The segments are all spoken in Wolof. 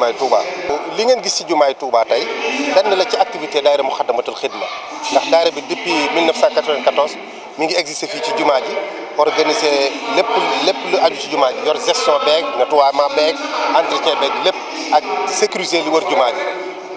jumaay Touba. li ngeen gis ci jumaay Touba tey benn la ci activité daayira Muxaddamatul Xidma ndax daayira bi depuis 1994 mi ngi existé fi ci jumaa ji organiser lépp lépp lu aju ci jumaa ji yor gestion beeg nettoiement beeg entretien beeg lépp ak sécuriser li war jumaa ji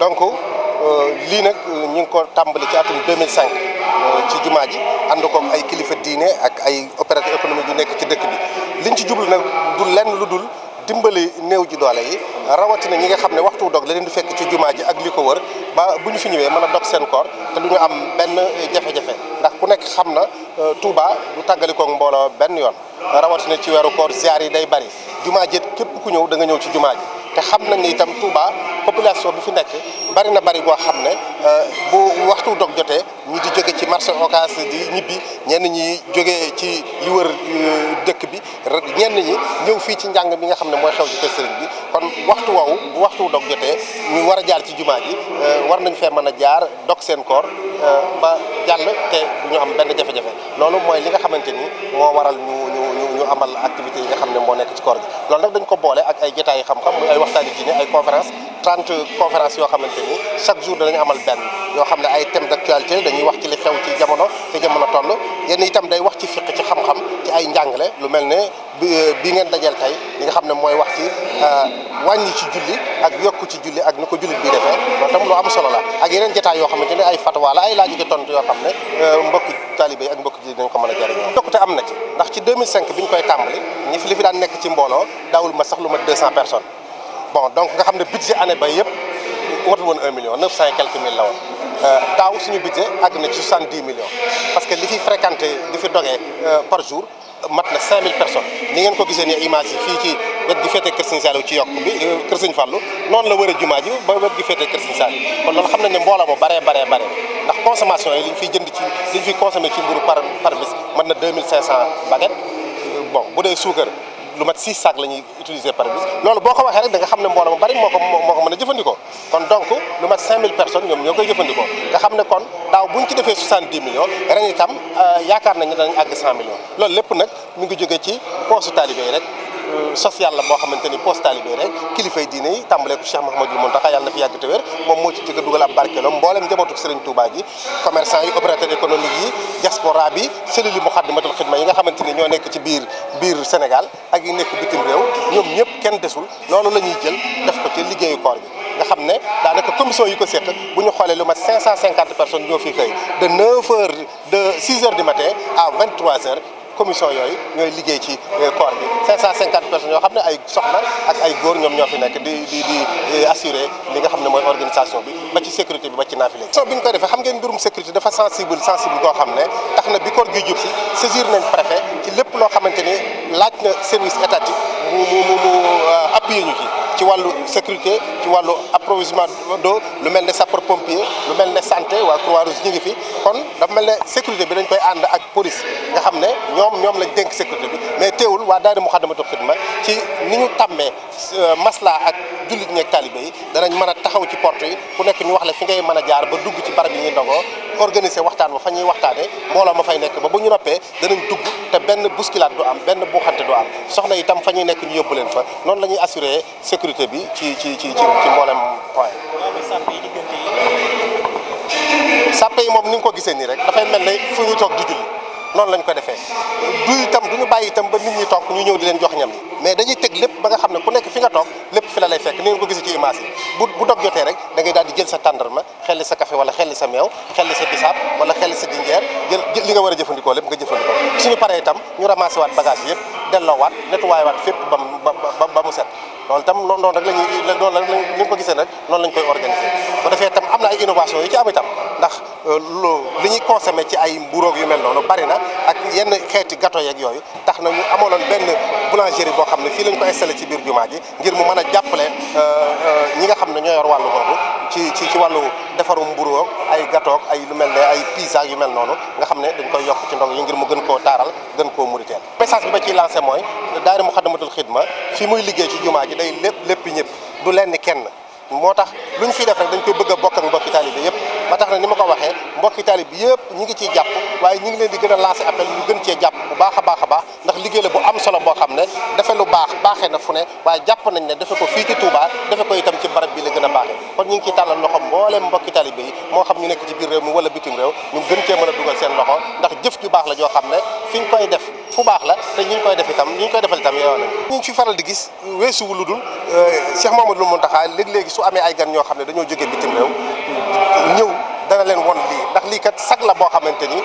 donc euh, lii nag euh, ñu ngi ko tàmbali ci atum 2005 euh, ci jumaa ji ànd ko ay kilifa diine ak ay opérateur économique yu nekk ci dëkk bi liñ ci jublu nag du lenn lu dul. dimbali néew ji doole yi rawatina ñi nga xam ne waxtu dog leneen leen di fekk ci jumaa ji ak li ko wër ba bu ñu fi ñëwee mën a dog seen koor te du ñu am benn jafe-jafe ndax ku nekk xam na euh, Touba du tàggalikoog mbooloo benn yoon rawatina ci weeru koor ziar yi day bari jumaa ji képp ku ñëw da nga ñëw ci jumaa ji te xam nañ ni itam Touba population bi fi nekk bari na bari goo xam ne euh, bu waxtu dog jotee ñi di jóge ci marché Ocass di ñibbi ñenn ñi jóge ci li wër euh, dëkk bi ñenn ñi ñëw fii ci njàng mi nga xam ne mooy xew ci kër bi kon waxtu woowu bu waxtu dog jotee ñu war a jaar ci jumaa ji euh, war nañ fee mën a jaar dog seen koor euh, ba jàll te ñu am benn jafe-jafe loolu mooy li nga xamante ni moo waral ñu ñu ñu amal activité yi nga xam ne moo nekk ci koor gi loolu nag dañ ko boole ak ay jotaay xam-xam muy ay waxtaani diine ay conférence 30 conférence yoo xamante ni chaque jour danañu amal benn yoo xam ne ay thèmes wax ci li xew ci jamono fi jamono toll yenn itam day wax ci fiq ci xam-xam ci ay njàngale lu mel ne bi euh, ngeen dajal tey li nga xam ne mooy wax ci euh, wàññi ci julli ak yokku ci julli ak ni ko jullit bi defee loolu tam lu am solo la ak yeneen jotaay yoo xamante ne ay fatwa la ay laaj ci tontu yoo xam ne euh, mbokk talibé ak mbokk ji dañ ko mën a jëriñoo yokkute am na ci ndax ci 2005 bi ñu koy tàmbali ñi fi li fi daan nekk ci mbooloo daawul ma sax lu ma 200 personnes bon donc nga xam ne budget année ba yëpp woon million 900 et quelques mille daaw suñu budget àgg na ci 70 millions parce que li fi fréquenté li fi dogee euh, par jour mat na 5000 personnes ni ngeen ko gisee ni image yi fii ci wet gi féete Kër Sëñ ci yokk bi euh, Kër Sëñ noonu la war a jumaa ji ba wet gi féete Kër Sëñ Saliou kon loolu xam nañ ne mbooloo mu baree baree baree ndax consommation yi li ñu jënd ci li ñu fiy ci mburu par par bis mat na 2500 baguettes euh, bon bu dee suukar lu mat six sacs la ñuy utiliser par bis loolu boo ko waxee rek da xam ne mbooloo mu bari moo ko moo ko a jëfandikoo kon donc lu mat 5000 personnes ñoom ñoo koy jëfandikoo nga xam ne kon daaw bu ñu ci defee 70 millions ren itam euh, yaakaar nañu danañ àgg millions loolu lépp nag mu ngi jóge ci poosu taalibe yi rek Euh, social la boo xamante ni poste talibé rek kilifay diine yi tàmbalee ko Cheikh Mouhamadou Mountakha yàlla na fi yàgg te wér moom moo ci jëkk a dugal ab barkeelam mboolem njabootu Serigne Touba ji commerçant yi opérateur économique yi diaspora bi cellule Moukhaddamatoul Khidma yi nga xamante ñoo nekk ci biir biir Sénégal ak yi nekk bitim réew ñoom ñëpp kenn desul noonu la ñuy jël def ko ci liggéeyu koor bi nga xam ne daanaka commission yi ko seq bu ñu xoolee lu mat 550 personnes commission yooyu ñooy liggéey ci corps bi 550 yoo xam ne ay soxna ak ay góor ñoom ñoo fi nekk di di di assurer li nga xam ne mooy organisation bi ba ci sécurité bi ba ci naafile so bi ñu koy defee xam ngeen mbirum sécurité dafa sensible sensible koo xam ne tax na bi koor gi jub si saisir préfet ci lépp loo xamante ni laaj na service étatique mu mu mu euh, appuyer ñu ci ci wàllu sécurité ci wàllu approvisionnement d'eau lu mel ne sapeur pompier lu mel ne santé waa Croix-Rouge ñu fi kon dafa mel ne sécurité bi dañ koy ànd ak police nga xam ne ñoom ñoom lañ dénk sécurité bi mais teewul waa daayira Moukhaddamatoul Khidma ci ni ñu tàmmee euh, masla ak jullit ñeeg talibé yi danañ mën taxaw ci porte yi ku nekk ñu wax la fi ngay mën a jaar ba dugg ci barab yi ñuy ndogoo organiser waxtaan ba fa ñuy waxtaanee mbooloo ma fay nekk ba bu ñu noppee danañ dugg te benn bousculade du am benn buuxante du am soxna itam fa ñuy nekk ñu yóbbu leen fa noonu la ñuy assurer sécurité bi ci ci ci ci mboolem point sàppe yi moom ni ñu ko gisee nii rek dafay mel ne fu ñu toog di julli noonu lañ ko defee du itam du ñu bàyyi itam ba nit ñi toog ñu ñëw di leen jox ñam yi mais dañuy teg lépp ba nga xam ne ku nekk fi nga toog lépp fi la lay fekk ni ngeen ko gisee ci image yi bu bu dog jotee rek dangay ngay di jël sa tàndarma xelli sa kafe wala xelli sa meew xelli sa bisaab wala xelli sa dinjeer jël li nga war a jëfandikoo lépp nga jëfandikoo suñu paree itam ñu ramassé waat bagage yëpp delloowaat nettoyé waat fépp ba mu set loolu itam loolu noonu rek lañuy loolu rek lañ ñu ko gisee nag noonu lañ koy organiser bu defee itam am na ay innovation yu ci am itam ndax euh, li ñuy consommer ci ay mburoog yu mel noonu bari na ak yenn xeeti gato yeeg yooyu tax na ñu amaloon benn boulangerie boo xam ne fii lañ ko installé ci biir jumaa ji ngir mu mën a jàppale euh, euh, ñi nga xam ne ñoo yor wàllu boobu ci ci ci wàllu defarum mburu ay gatoog ay lu mel ne ay pizza yu mel noonu nga xam ne dañ koy yokk ci ndox yi ngir mu gën koo taaral gën koo muriteel message bi ba ciy lancé mooy daayira Muxaddamatul Xidma fi muy liggéey ci jumaa ji day lépp lépp ñëpp du lenn kenn moo tax lu ñu fiy def rek dañ koy bëgg a bokk ak mbokki taalibe yëpp ba tax na ni ma ko waxee mbokki taalibe yëpp ñi ngi ciy jàpp waaye ñi ngi leen di gën a lancer appel ñu gën cee jàpp bu a baax a baax boo xam ne defe lu baax baaxee na fu ne waaye jàpp nañ ne defe ko fii ci Touba defe ko itam ci barab bi la gën a baaxee kon ñu ngi ciy tàllal loxo mbooleem mbokki taalibe yi moo xam ñu nekk ci biir réew mi wala bitim réew ñu gën cee mën a dugal seen loxo ndax jëf ju baax la joo xam ne fi ñu koy def fu baax la te ñu ngi koy def itam Euh, Cheikh Mamadou Mountakha léeg-léegi su amee ay gan ñoo xam ne dañoo jóge bitim réew ñëw dana leen won lii ndax lii kat sag la boo xamante ni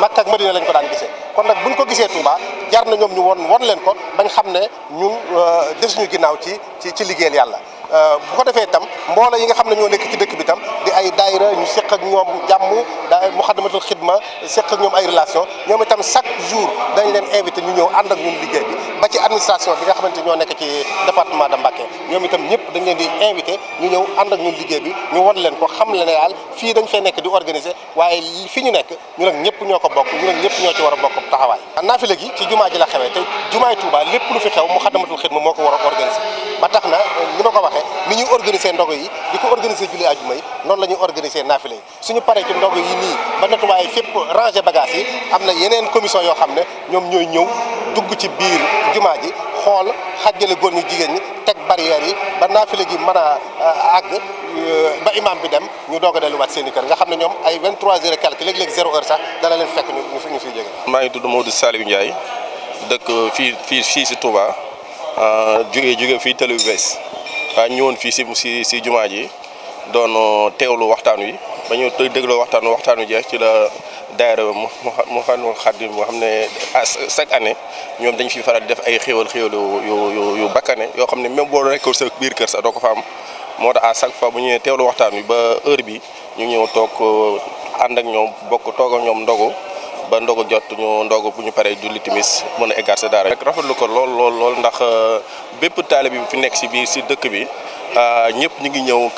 Makka ak Madina lañ ko daan gisee kon nag ñu ko gisee Touba jar na ñoom ñu won won leen ko bañ xam ne ñun euh, desuñu ginnaaw ci ci ci liggéeyal yàlla euh, bu ko defee itam mboolo yi nga xam ne ñoo nekk ci dëkk bi tam di ay daayira ñu seq ak ñoom jàmm daa muxadamatul xidma seq ak ñoom ay relation ñoom itam chaque jour dañ leen invité ñu ñëw ànd ak ñun liggéey bi ba ci administration bi nga xamante ñoo nekk ci département de Mbacké ñoom itam ñëpp dañ leen di invité ñu ñëw ànd ak ñu liggéey bi ñu wan leen ko xam leen daal fii dañ fee nekk di organiser waaye fi ñu nekk ñu nag ñëpp ñoo ko bokk ñu nag ñëpp ñoo ci war a bokk taxawaay naafila gi ci jumaa ji la xewee te jumaay Touba lépp lu fi xew mu xadamatul xidma moo ko war a organiser ba tax na ni ma ko waxee ni ñuy organiser ndogo yi di ko organiser julli ajuma yi noonu la ñuy organiser naafila yi suñu paree ci ndogo yi nii ba nettoyé fépp ranger bagage yi am na yeneen commission yoo xam ne ñoom ñooy ñëw dugg ci biir jumaa ji xool xajjale góor ñu jigéen ñi teg barrières yi ba naafile gi mën a euh, àgg euh, ba imam bi dem ñu doog a delluwaat seen i kër nga xam ne ñoom ay 23 heures et quelques léeg-léeg 0 heure sax dana fekk ñu fi ñu fiy jóge. maa ngi tudd Modou Saliou Ndiaye dëkk fii fii fii si Touba euh, jógee jógee fii Télé bu ñëwoon fii si si si jumaa ji doon teewlu waxtaan wi ba ñu dégloo waxtaan waxtaan wi jeex ci la. daayira mu mu xanul xaddim boo xam ne ah, chaque année ñoom dañ fi faral di def ay xéwal xéwal yu yu yu bakkane yoo xam ne même boo nekkul sa biir kër sa doo ko fa am moo tax à chaque fois bu ñëwee teelu waxtaan bi ba heure bi ñu ñëw toog euh, ànd ak ñoom bokk toog ak ñoom ndogu ba ndogu jot ñu ndogu bu ñu paree julli timis mën a eggaat sa daara rek rafetlu ko lool lool lool ndax euh, bépp taalibe bi fi nekk si biir si dëkk bi Euh, ñëpp ñu ngi ñëw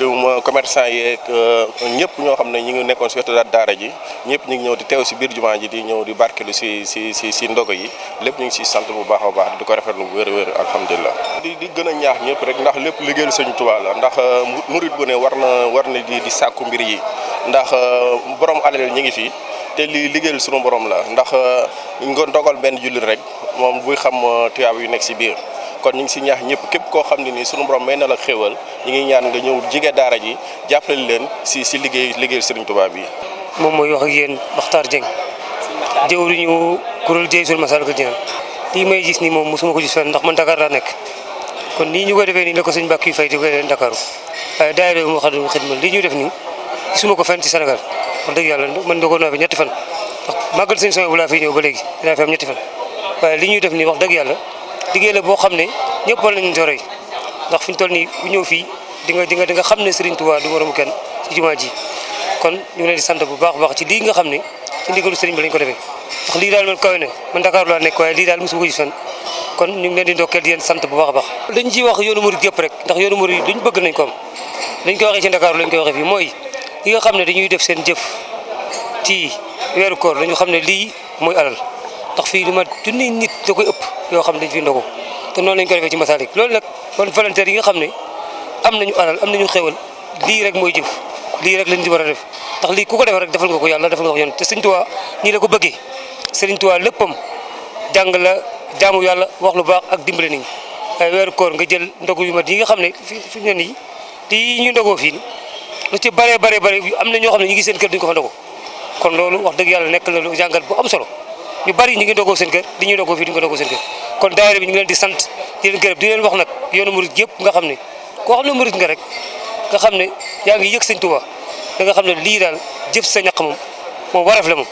commerçant yeeg euh, ñëpp ñoo xam ne ñu ngi nekkoon si wetu daara ji ñëpp ñu ngi ñëw di teew si biir jumaa ji di ñëw di barkelu si si si si ndogo yi lépp ñu ngi si sant bu baax a baax di ko rafetlu bu wér a wér alhamdulilah di di gën a ñaax ñëpp rek ndax lépp liggéeyal Sëñ Tuubaa la ndax euh, murit bu ne war na war na di di sàkku mbir yi ndax borom alal ñu ngi fi te li liggéeyal sunu borom la ndax nga ndogal benn jullit rek moom buy xam tuyaab yu nekk si biir kon ñu ngi si ñaax ñëpp képp koo xam ne nii sunu borom may na la xéewal ñu ngi ñaan nga ñëw jige daara ji jàppale leen si si liggéey liggéey Serigne Touba bi moom mooy wax ak yéen Makhtar Dieng jëwriñu kuréel jëy sul Masaalikul Jinaan lii may gis nii moom mosuma ko gis fenn ndax man Dakar laa nekk kon nii ñu ko defee nii la ko sëñ Mbàkke Fay di ko defee Dakar waaye daayira mu xaddu ma lii ñuy def nii gisuma ko fen ci Sénégal wax dëgg yàlla man dogoon naa fi ñetti fan ndax màggal sëñ Sow bu laa fi ñëw ba léegi dinaa fi am ñetti fan waaye li ñuy def nii wax dëgg yàlla liggéey la boo xam ne ñëpp war nañu roy ndax fu ñu toll nii bu ñëw fii di nga di nga nga xam ne Serigne Touba du moromu kenn ci jumaa ji kon ñu ngi leen di sant bu baax baax ci lii nga xam ne ci ndigalu Serigne bi lañ ko defee ndax lii daal man kawe na man Dakar laa nekk waaye lii daal mosuma ko gis fan kon ñu ngi di ndokkeel di leen sant bu baax a baax dañ ciy wax yoonu murid yëpp rek ndax yoonu murid luñ bëgg nañ ko am ko koy waxee ci Dakar lañ koy waxee fii mooy li nga xam ne dañuy def seen jëf ci weeru koor dañu xam ne lii mooy alal ndax fii lu ma junni nit da koy ëpp yoo xam ne dañ fi ndogu te noonu lañ ko defee ci Masalik loolu nag kon volontaire yi nga xam ne am nañu alal am nañu xewal lii rek mooy jëf lii rek lañ di war a def ndax lii ku ko defee rek defal nga ko yàlla defal nga ko yoon te Sëriñ Tuubaa nii la ko bëggee Sëriñ Tuubaa yàlla wax lu baax ak dimbale nit ñi waaye weeru koor nga jël ndogu yu mat yi nga xam ne fi fi ne nii di ñu ndogoo fii lu ci bare bare bare am na ñoo xam ne ñu ngi seen kër duñ ko fa ndogu kon loolu wax dëgg yàlla nekk na lu jàngal bu solo ñu bari ñu ngi doogoo seen kër di ñuy doogoo fii du ñu ko doogoo seen kër kon daayira bi ñu ngi leen di sant di leen gërëm di leen wax nag yoonu murit yëpp nga xam ne ko xam ne murit rek nga xam ne yaa ngi yëg sëñ Tuubaa da nga xam ne lii daal jëf sa ñaq moom moom waraf la moom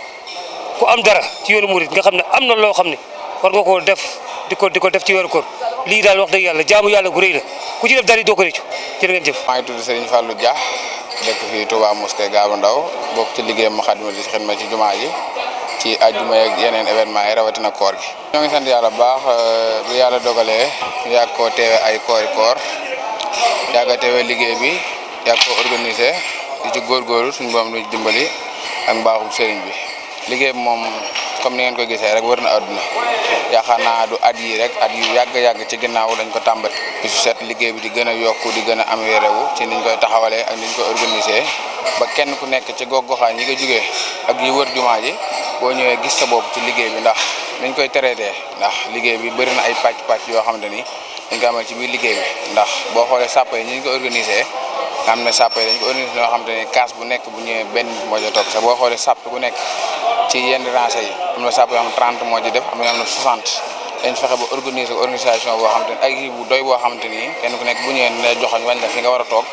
ku am dara ci yoonu murit nga xam ne am na loo xam ne war nga koo def di ko di ko def ci weeru koor lii daal wax dëgg yàlla jaamu yàlla gu rëy la ku ci def dara doo ko réccu jërë ngeen jëf maa ngi tudd Serigne Fallou Dia dëkk fii Touba Mosquée Gaba Ndaw bokk ci liggéey Moukhaddamatoul Khidma ci jumaa ci àjjuma yeeg yeneen événement yi rawatina koor gi. ñoo ngi sant yàlla bu baax euh, bu yàlla dogalee yàgg koo teewe ay koori koor yàgg teewe liggéey bi yàgg koo organisé di ci góorgóorlu suñu dimbali ak mbaaxum sëriñ bi liggéey bi moom comme ni ngeen ko gisee rek wër na àdduna yaakaar naa du at yi rek at yu yàgg yàgg ci ginnaaw lañ ko tàmbali. bi su set liggéey bi di gën a yokku di gën a am amélioré wu ci niñ koy taxawalee ak niñ koy organisé ba kenn ku nekk ci gox goxaan yi nga jugee ak yi wër jumaa ji boo ñëwee gis sa bopp ci liggéey bi ndax dañ koy traité ndax liggéey bi bëri na ay pàcc pàcc yoo xamante ni dañ ko amal ci biir liggéey ndax boo xoolee sàpp yi ñu ko organisé nga xam ne sàpp yi yoo xamante ni kaas bu nekk bu ñëwee benn moo ci boo xoolee sàpp bu nekk ci yenn rangée am na sàpp yoo xam ne 30 moo ci def am na yoo xam ne 60 dañ fexe ba organiser organisation boo xamante ni ak yi bu doy boo xamante ni kenn ku nekk bu ñëwee ne joxoñ wañ la fi nga war a toog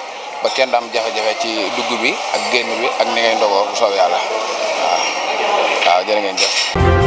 ba kenn du am jafe-jafe ci dugg bi ak génn bi ak ni ngay ndogoo bu soobee yàlla waaw jërë ngeen jëf